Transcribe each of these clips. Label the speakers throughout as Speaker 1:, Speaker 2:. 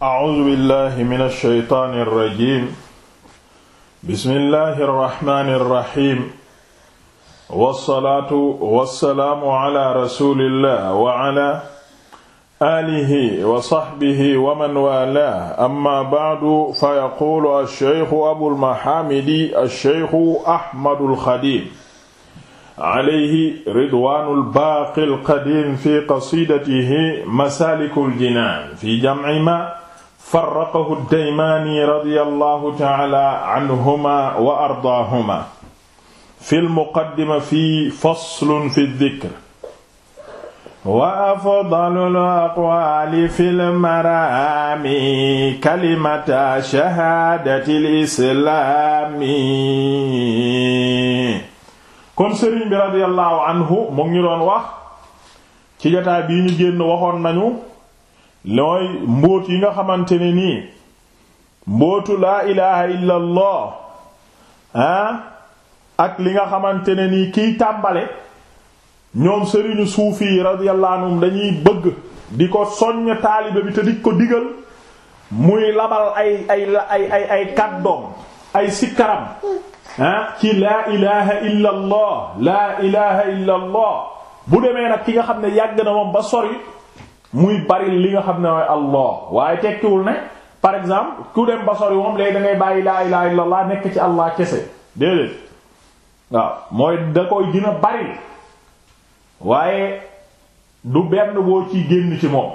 Speaker 1: A'uuzu billaahi mina shaytaani rajiim. Bismillaahi rahmaani rahiim. Wassalaatu wassalaamu ala rasuulillaah wa ala aalihi wa sahbihi wa man waalaahu amma ba'du fa yaquulu ash-shaykhu abul mahaamidi ash-shaykhu Ahmadul Xadiim. Alayhi ridwaanul baaqil qadiim fi qasiidatihi masaalikul jinaan fi jam'i maa farraqahu daymaani radiyallahu ta'ala anhuma wa ardaahuma fil muqaddima fi faslun fi dhikr wa afdalul aqwaali fil maraami kalimata shahaadatil islaami kon sëriñ bi radiyallahu anhu mu ngi doon wax ci jotaay bii ñu génn waxoon nañu looy mbóot yi nga xamante ne nii mbóotu laa ilaha illa ah, ak li nga xamante ne nii kiy tàmbale ñoom sëriñu suufi yi radiyallahu anhum dañuy bëgg di ko soññ taalibe bi te di ko digal muy labal ay ay ay ay ay kàddoom ay sikkaram ah, ci laa ilaha illa laa ilaha illa bu demee nag ki nga xam ne yàgg na moom ba sori muy bari li nga xam ne mooy allah waaye tekkiwul ne par exemple ku dem ba sori moom léegi da bàyyi laa ilaha laa nekk ci allah kese déedéet waaw mooy da koy gën a bari waaye du benn boo ci génn ci moom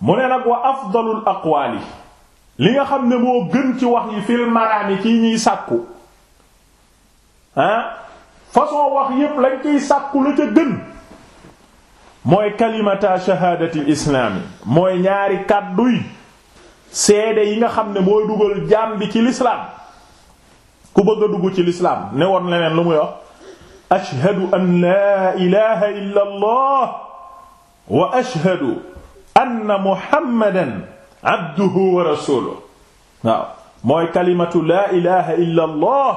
Speaker 1: mu ne nag wa afdalul aqwaali li nga xam ne moo gën ci wax yi fil maraami ci ñuy sàkku ah façon wax yépp lañ ciy sàkku la ca gën mooy kalimata shahaadati islaam mooy ñaari kàdduy seede yi nga xam ne mooy dugal jaam bi ci lislaam ku bëgg a dugg ci lislaam ne woon leneen lu muy wax ashhadu an laa ilaha illa allah wa ashhadu anna muhammadan abduhu wa rasuluhu mooy kalimatu laa ilaha illa allah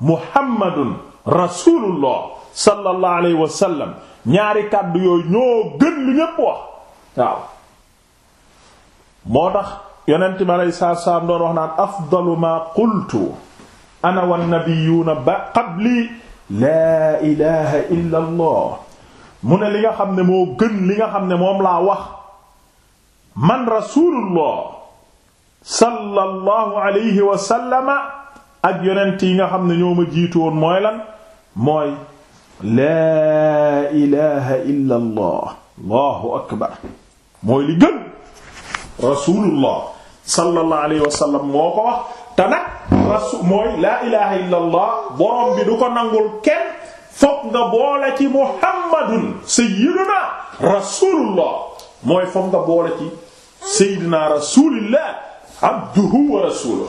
Speaker 1: muhammadun rasulullah sallallahu alayhi wa ñaari kàddu yooyu ñoo gën lu ñépp wax waaw moo tax yonent mi aleyhi salaatu salaam doon wax naan afdalu maa qultu ana wannabiyuuna ba qabli laa ilaha illa mu ne li nga xam ne moo gën li nga xam ne moom laa wax man rasulullah sallallahu alayhi wa sallama ak yonent yi nga xam ne ñoo ma jiitu woon mooy lan mooy laa ilaha illa allah allahu akbar mooy li gën rasulullah sallallahu alayhi wa sallam moo ko wax te nag rasul mooy laa ilaha illa allah borom bi du ko nangul kenn fokk nga boole ci muhammadun sayyiduna rasulullah mooy fokk nga boole ci sayyidina rasulillah abduhu wa rasuluhu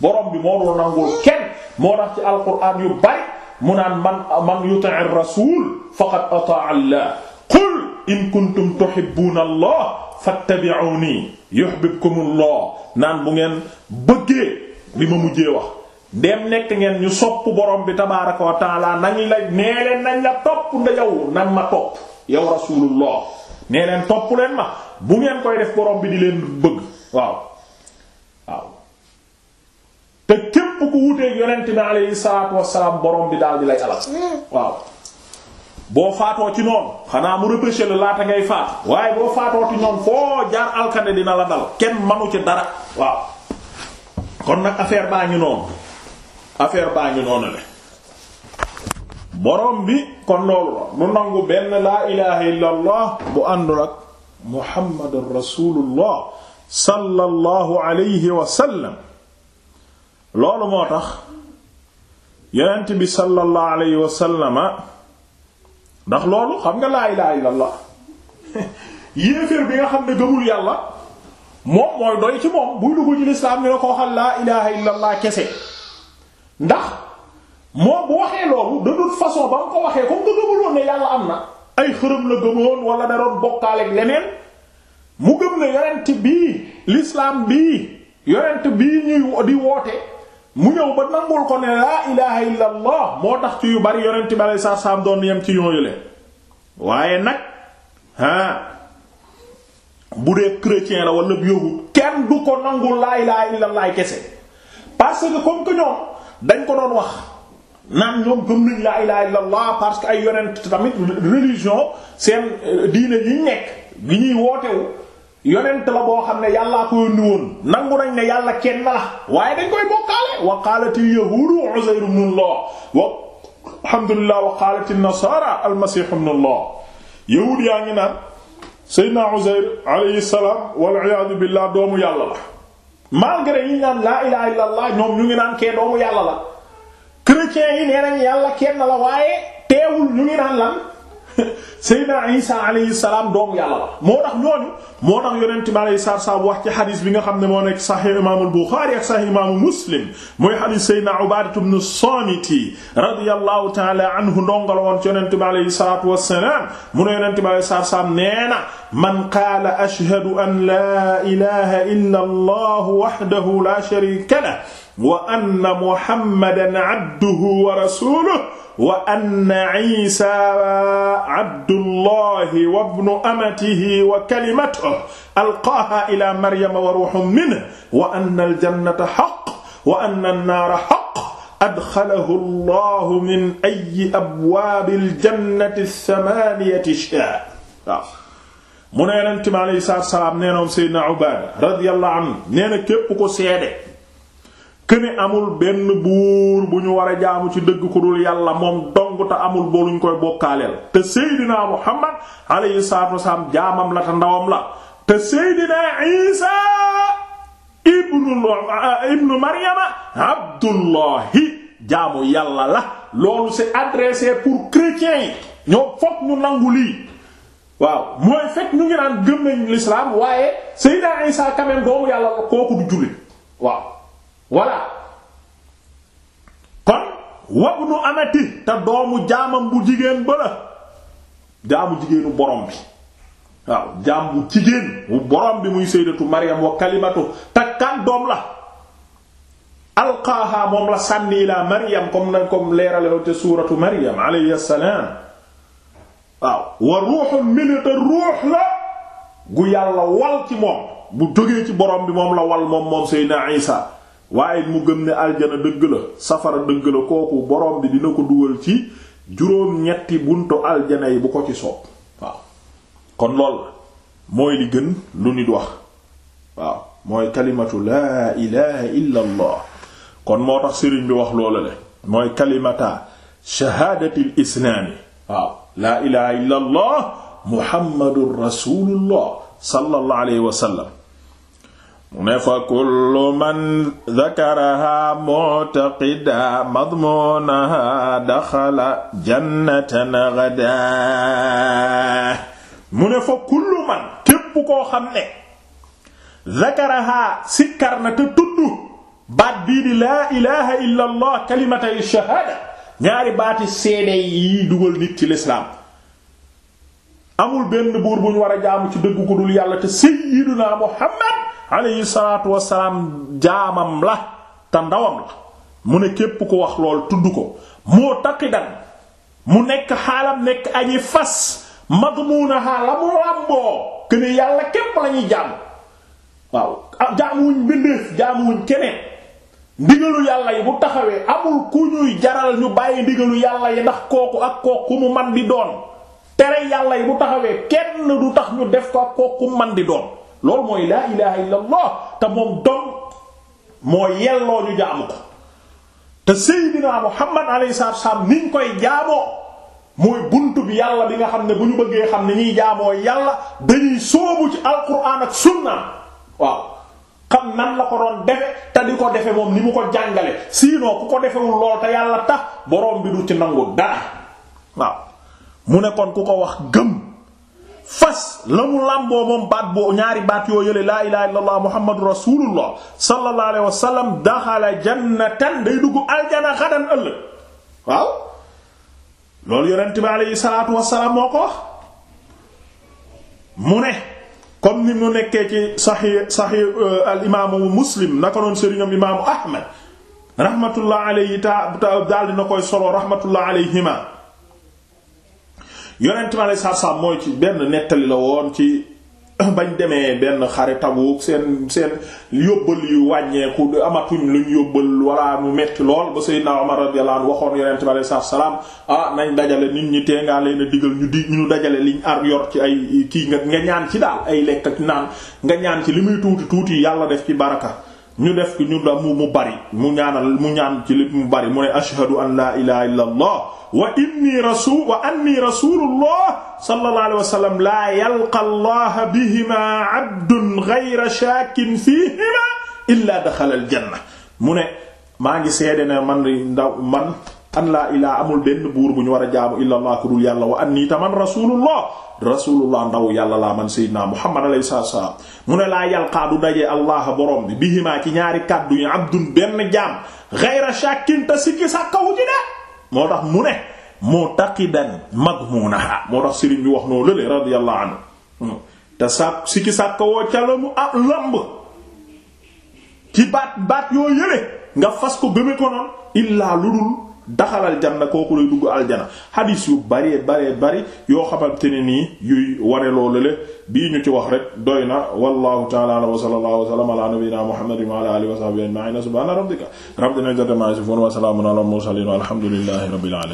Speaker 1: borom bi moo dul nangul kenn moo tax ci alquran yu bari mu naan man man yuti'ir rasul faqad ata'a Allah qul in kuntum tuhibbuna Allah fattabi'uni yuhibbukumullah naan bu ngeen bëggee li ma mujjee wax dem nekk ngeen ñu sopp borom bi tabaaraka wa taala nañ la nee leen nañ la topp nda yow nan ma topp yow rasulullah nee leen topp leen ma bu ngeen koy def borom bi di leen bëgg waaw ku wuteeg yonent bi borom bi daal di lay alal waaw boo faatoo ci noonu xanaa mu repêché la laata ngay faat waaye boo faatoo ci noonu foo jaar alkande dina la dal kenn manu ci dara waaw kon nag affaire baa ngi noonu affaire baa ngi noonu le borom bi kon loolu la du nangu benn laa ilaha illa bu àndul ak muhammadur rasulullah sallallahu alayhi wa loolu moo tax yonent bi sallallahu alayhi ndax loolu xam nga laa ilaha illallah yéeféer bi nga xam ne gëmul yàlla moom mooy doy ci moom buy dugg ci lislaam ñu ne ko waxal laa ilaha illallah kese ndax moom bu waxee loolu de toute façon ba nga ko waxee comme nga gëmul ne yàlla am na ay xërëm la gëmoon wala da doon bokkaaleeg leneen mu gëm ne yonent bii lislaam bii yonent bii ñuy di woote mu ñëw ba nangul ko ne laa ilaha illa moo tax ci yu bari yonent bi alei satu salaam doon yem ci yooyu le waaye nag ah bu dee chrétien la wala yahud kenn du ko nangul laa ilaha illa allah kese parce que comme ñoom dañ ko doon wax naan ñoom gëm nañ laa ilaha illa parce que ay yonent tamit religion seen euh, diine yi nekk gi ñuy wootewu yonent la boo xam ne yàllaa ko yónni woon nangu nañ ne yàlla kenn la waaye dañ koy bokkaale wa qaalatil yahuudu Uzayr ibn Allah wa alhamdulillah wa qaalatil nasaara al-masiih ibn Allah yahuud yaa ngi naan Seydina Uzayr alayhi salaam wal iyaadu billah doomu yàlla la malgré yi naan laa ilaaha illallah ñoom ñu ngi naan kee doomu yàlla la chrétiens yi nee nañ yàlla kenn la waaye teewul ñu ngi naan lan Seydina Isa alayhi salaam doomu yàlla la moo tax ñooñu moo tax yonent bi alayhi salaam wax ci xadis bi nga xam ne moo nekk Sahih imaamul Buxaari ak Sahih imaamu Muslim mooy xadis Seydina Ubaadatu ibnu Saamiti radiyallahu ta'ala anhu ndongala woon ci yonent bi alayhi salaatu wassalaam mu ne yonent bi alayhi salaam nee na man qaala ashhadu an laa ilaaha illa Allah wahdahu laa shariika lahu wa anna Muhammadan abduhu wa rasuluhu wa anna Isa abdullahi wabnu amatihi wa kalimatuhu alqaaha ila maryama wa ruhun minhu wa anna aljannata haqq wa anna annaara haqq adxalahu allahu min ayyi abwaabi aljannati samaaniyati shaa waaw mu ne yonent mi alayhi salaatu wa salaam nee na Seydina Ubaada radiyallahu anhu nee na képp ko seede këne amul benn buur bu ñu war a jaamu ci dëgg ku dul yàlla moom dong te amul boo luñ koy bokkaaleel te seydinaa muhammad alayhi salaatu jaamam la te ndawam la te seydinaa isa ibnu ah, ibnu maryama abdullahi jaamu yàlla la loolu c'est adressé pour chrétiens yi ñoo fokk ñu nangu lii waaw mooy fekk ñu ngi naan gëm nañu l'islam waaye seydinaa isa quand même yàlla la kooku du jullit waaw voilà kon wabnu amati te doomu jaamam bu jigéen ba la jaamu jigéenu borom bi waaw jaam bu jigéen bu borom bi muy sayyidatu Maryam wa kalimatu takkan doom la alqaaha moom la sànni ilaa Maryam nañ comme leeralew te suuratu Maryam alayhi salaam waaw wa ruuxun minhu ruux la gu yàlla wal ci moom bu jógee ci borom bi moom la wal moom moom sayyidina Isa waaye mu gën ne aljana dëgg la safara dëgg la kooku borom bi dina ko dugal ci juróom-ñetti buntu aljana yi bu ko ci soob waaw kon lool mooy li gën lu nit wax waaw mooy kalimatu laa ilaha illa kon moo tax sëriñ bi wax loola mooy kalimata shahaadatil islaami waaw laa ilaha illa allah muhammadur rasulullah sallallahu mu ne fa kullu man zakaraha mutaqida mu ne fa kullu man képp koo xam ne zakaraha sikkar na te tudd baat bii di laa ilaha illa allah shahaada ñaari baati seede yi dugal nit ci lislaam amul benn buur bu ñu war a jaamu ci dëgg ko dul yàlla te sayyiduna muhammad alayhi salaatu wasalaam jaamam la te ndawam la mu ne képp ko wax lool tudd ko moo taqidan mu nekk xaalam nekk aji fas madmuunaha la mu làmboo que yàlla képp la ñuy jaam waaw ah, jaamuwuñ mbindeef jaamuwuñ keneen ndigalu yàlla yi bu taxawee amul ku ñuy jaral ñu bàyyi ndigalu yàlla yi ndax kooku ak kooku mu man di doon tere yàlla yi bu taxawee kenn du tax ñu def ko ak kooku man di doon loolu mooy laa ilaha illa allah te moom dom moo yelloo ñu jaamu ko te seydinaa muhammad alayhi salaatu wasallam niñ koy jaamoo mooy buntu bi yàlla bi nga xam ne bu ñu bëggee xam ne ñuy jaamoo yàlla dañuy sóobu ci alquran ak sunna waaw xam nan la ko doon defe te di ko defe moom ni mu ko jàngale sinon ku ko defewul lool te yàlla tax boroom bi du ci nangu dara waaw mu ne ku ko wax gëm fas la mu làmboo moom baat boo ñaari baat yoo yële laa ilaha illa allah muhammadu rasulullah sallallahu alayhi waaw loolu yonent bi aleyhi salaatu wasalaam moo ko mu ne comme ni mu nekkee ci saxi saxi euh, al imaamu muslim naka noonu sëriñam imaamu ahmad rahmatullah alayhi ta daal dina koy solo rahmatullah alayhima yonent mi alayhi salaatu salaam mooy ci benn nettali la woon ci bañ demee benn xare Tabuk seen seen yóbbal yu wàññeeku amatuñ luñ yóbbal wala mu metti lool ba Seydina Umar radiyallahu anhu waxoon yonent bi alayhi salaatu salaam ah nañ dajale nit ñi tee ngaa leen a digal ñu di ñu dajale liñ ar yor ci ay kii nga nga ñaan ci daal ay lekk ak naan nga ñaan ci li muy tuuti tuuti yàlla def ci baraka ñu def ko ñu damu mu bari mu ñaanal mu ñaan ci lépp mu bari mu ne ashhadu an laa ilaha illa allah wa inni rasul wa anni rasulullah wa sallam laa yalqa allaha bihima abdun ghayra shaakin fihima illa daxala aljanna maa ngi seede ne an laa ilaa amul benn buur bu ñu war a jaamu illa allah ku dul yàlla wa an nii taman rasulullah rasulullah ndaw yàlla laa man sayyidina muhammad alayhi salaam mu ne laa yalqaa du dajee allah borom bi bihimaa ci ñaari kàddu yi abdun benn jaam ghayra shakkin ta sikki sàkkawu ji de moo tax mu ne mutaqidan magmunaha moo tax sëriñ bi wax noo lële radiyallahu anhu te sàkk sikki sàkkawoo ca la mu ah lamb ci baat baat yoo yële nga fas ko gëme illaa lu daxalal janna kooku lay dugg aljana hadis yu bare baree bari yoo xamante ne nii yuy ware loolu le bii ñu ci wax rek doy na wallahu ta'ala wa sallallahu wa sallama ala nabiyyina muhammadin wa ala alihi wa sahbihi ajma'in subhana rabbika a izzati amma yasifun wa salamun ala mursalin walhamdulillahi rabbil alamin